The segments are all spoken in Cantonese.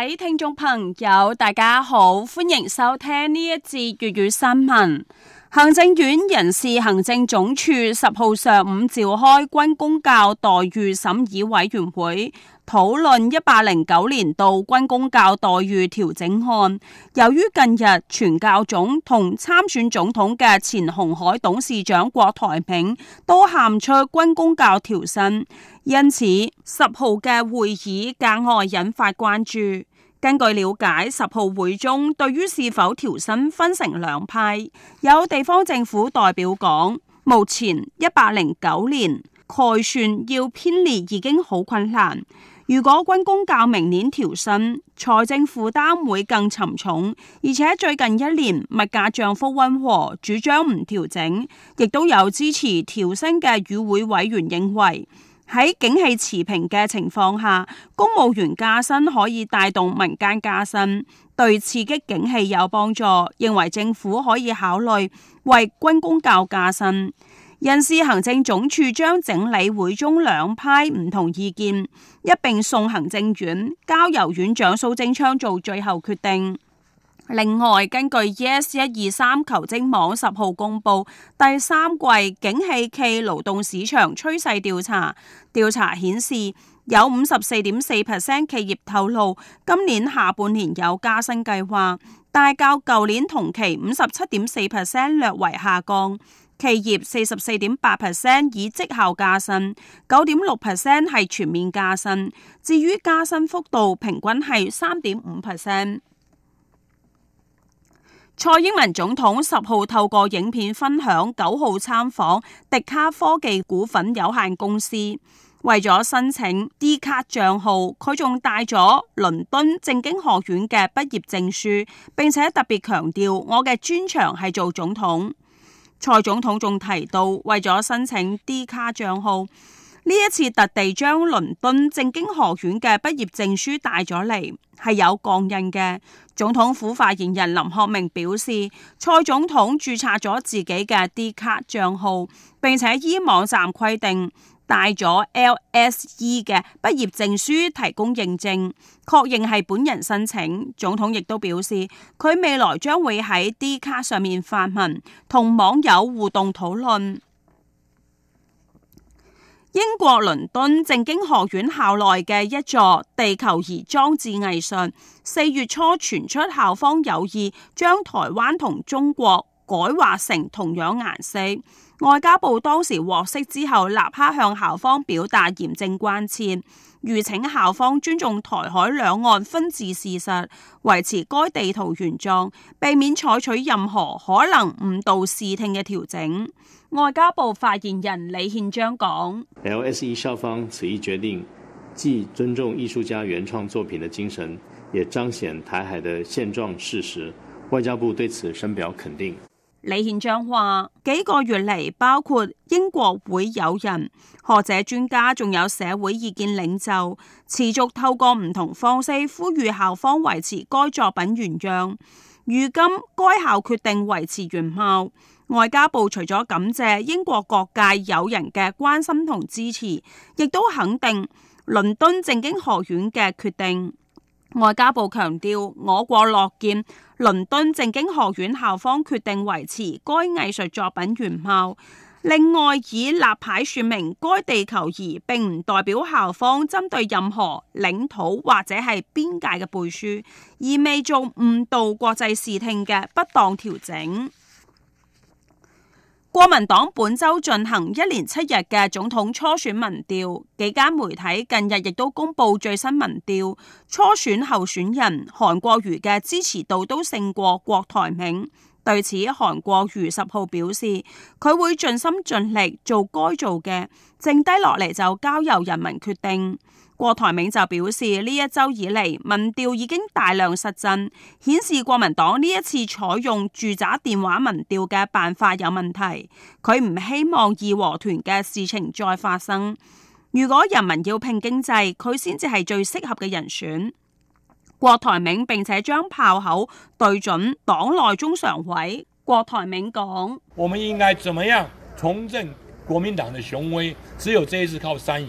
各位聽眾朋友，大家好，歡迎收聽呢一節粵語新聞。行政院人事行政總署十號上午召開軍公教待遇審議委員會，討論一百零九年度軍公教待遇調整案。由於近日全教總同參選總統嘅前鴻海董事長郭台銘都喊出軍公教調薪，因此十號嘅會議格外引發關注。根據了解，十號會中對於是否調薪分成兩派，有地方政府代表講：目前一百零九年概算要編列已經好困難，如果軍公教明年調薪，財政負擔會更沉重，而且最近一年物價漲幅溫和，主張唔調整，亦都有支持調薪嘅與會委員認為。喺景氣持平嘅情況下，公務員加薪可以帶動民間加薪，對刺激景氣有幫助。認為政府可以考慮為軍公教加薪。人事行政總處將整理會中兩派唔同意見，一並送行政院交由院長蘇貞昌做最後決定。另外，根據 yes 一二三求職網十號公布第三季景氣暨勞動市場趨勢調查，調查顯示有五十四點四 percent 企業透露今年下半年有加薪計劃，大較舊年同期五十七點四 percent 略為下降。企業四十四點八 percent 以績效加薪，九點六 percent 係全面加薪。至於加薪幅度，平均係三點五 percent。蔡英文總統十號透過影片分享九號參訪迪卡科技股份有限公司，為咗申請 D 卡賬號，佢仲帶咗倫敦政經學院嘅畢業證書，並且特別強調我嘅專長係做總統。蔡總統仲提到，為咗申請 D 卡賬號，呢一次特地將倫敦政經學院嘅畢業證書帶咗嚟，係有鋼印嘅。總統府發言人林鶴明表示，蔡總統註冊咗自己嘅 Dcard 賬號，並且依網站規定帶咗 LSE 嘅畢業證書提供認證，確認係本人申請。總統亦都表示，佢未來將會喺 Dcard 上面發文，同網友互動討論。英國倫敦政經學院校內嘅一座地球儀裝置藝術，四月初傳出校方有意將台灣同中國改畫成同樣顏色。外交部當時獲悉之後，立刻向校方表達嚴正關切，籲請校方尊重台海兩岸分治事實，維持該地圖原狀，避免採取任何可能誤導視聽嘅調整。外交部發言人李憲章講：LSE 校方此一決定既尊重藝術家原創作品的精神，也彰顯台海的現狀事實。外交部對此深表肯定。李憲章話：幾個月嚟，包括英國會友人、學者、專家，仲有社會意見領袖，持續透過唔同方式呼籲校方維持該作品原樣。如今該校決定維持原貌。外交部除咗感謝英國各界友人嘅關心同支持，亦都肯定倫敦政經學院嘅決定。外交部強調，我國樂見。倫敦政經學院校方決定維持該藝術作品原貌，另外以立牌説明該地球儀並唔代表校方針對任何領土或者係邊界嘅背書，而未做誤導國際視聽嘅不當調整。國民黨本周進行一連七日嘅總統初選民調，幾間媒體近日亦都公布最新民調，初選候選人韓國瑜嘅支持度都勝過郭台銘。對此，韓國瑜十號表示，佢會盡心盡力做該做嘅，剩低落嚟就交由人民決定。郭台銘就表示，呢一周以嚟民調已經大量失真，顯示國民黨呢一次採用住宅電話民調嘅辦法有問題。佢唔希望義和團嘅事情再發生。如果人民要拼經濟，佢先至係最適合嘅人選。郭台銘並且將炮口對準黨內中常委。郭台銘講：我們應該怎麼樣重振國民黨的雄威？只有這一次靠三贏。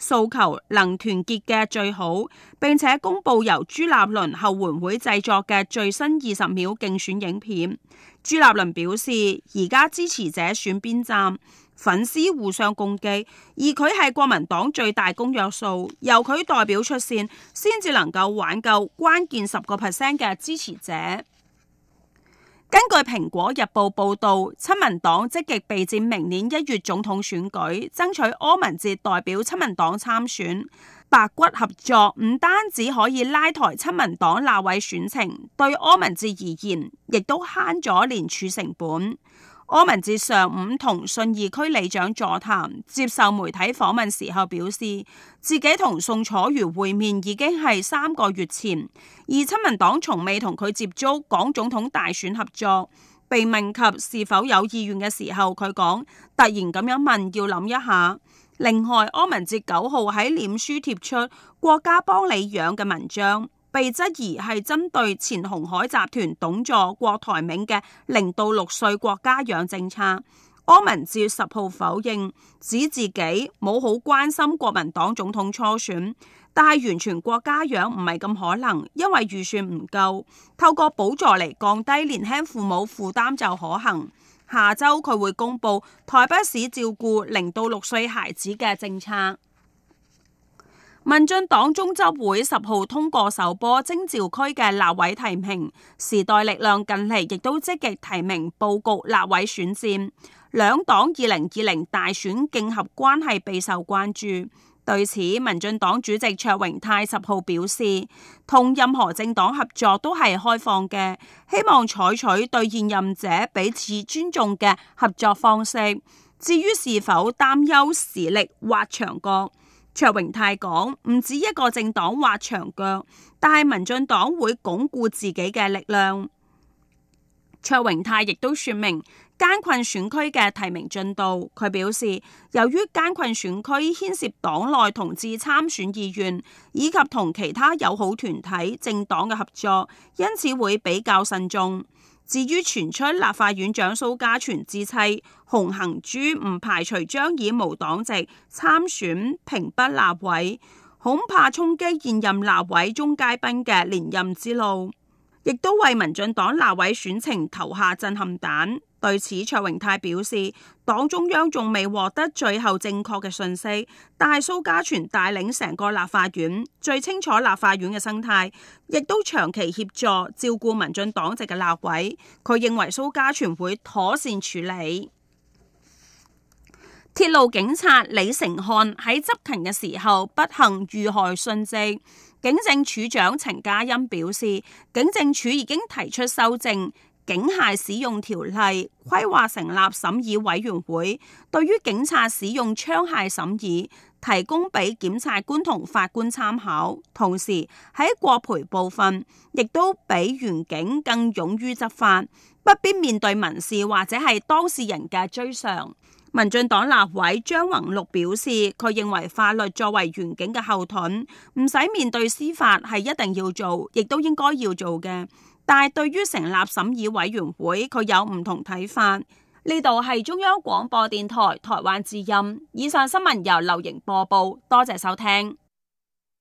訴求能團結嘅最好，並且公佈由朱立倫後援會製作嘅最新二十秒競選影片。朱立倫表示，而家支持者選邊站，粉絲互相攻擊，而佢係國民黨最大公約數，由佢代表出線，先至能夠挽救關鍵十個 percent 嘅支持者。據《蘋果日報》報道，親民黨積極備戰明年一月總統選舉，爭取柯文哲代表親民黨參選。白橘合作唔單止可以拉抬親民黨立委選情，對柯文哲而言，亦都慳咗連署成本。柯文哲上午同信義區里長座談，接受媒體訪問時候表示，自己同宋楚瑜會面已經係三個月前，而親民黨從未同佢接觸港總統大選合作。被問及是否有意願嘅時候，佢講，突然咁樣問，要諗一下。另外，柯文哲九號喺臉書貼出國家幫你養嘅文章。被質疑係針對前鴻海集團董座郭台銘嘅零到六歲國家養政策，柯文哲十號否認，指自己冇好關心國民黨總統初選，但係完全國家養唔係咁可能，因為預算唔夠，透過補助嚟降低年輕父母負擔就可行。下周佢會公布台北市照顧零到六歲孩子嘅政策。民進黨中執會十號通過首波徵召區嘅立委提名，時代力量近期亦都積極提名布局立委選戰，兩黨二零二零大選競合關係備受關注。對此，民進黨主席卓榮泰十號表示，同任何政黨合作都係開放嘅，希望採取對現任者彼此尊重嘅合作方式。至於是否擔憂時力挖牆角？卓榮泰講，唔止一個政黨挖牆腳，但係民進黨會鞏固自己嘅力量。卓榮泰亦都說明艱困選區嘅提名進度。佢表示，由於艱困選區牽涉黨內同志參選意願，以及同其他友好團體、政黨嘅合作，因此會比較慎重。至於傳出立法院長蘇嘉全之妻洪恆珠唔排除將以無黨籍參選屏北立委，恐怕衝擊現任立委鍾佳濱嘅連任之路，亦都為民進黨立委選情投下震撼彈。對此，卓榮泰表示，黨中央仲未獲得最後正確嘅訊息，但係蘇嘉全帶領成個立法院最清楚立法院嘅生態，亦都長期協助照顧民進黨籍嘅立委。佢認為蘇嘉全會妥善處理。鐵路警察李成漢喺執勤嘅時候不幸遇害殉職，警政署長陳嘉欣表示，警政署已經提出修正。警械使用條例規劃成立審議委員會，對於警察使用槍械審議提供俾檢察官同法官參考，同時喺國賠部分亦都比員警更勇於執法，不必面對民事或者係當事人嘅追償。民進黨立委張宏陸表示，佢認為法律作為員警嘅後盾，唔使面對司法係一定要做，亦都應該要做嘅。但係，對於成立審議委員會，佢有唔同睇法。呢度係中央廣播電台台灣之音。以上新聞由劉瑩播報，多謝收聽。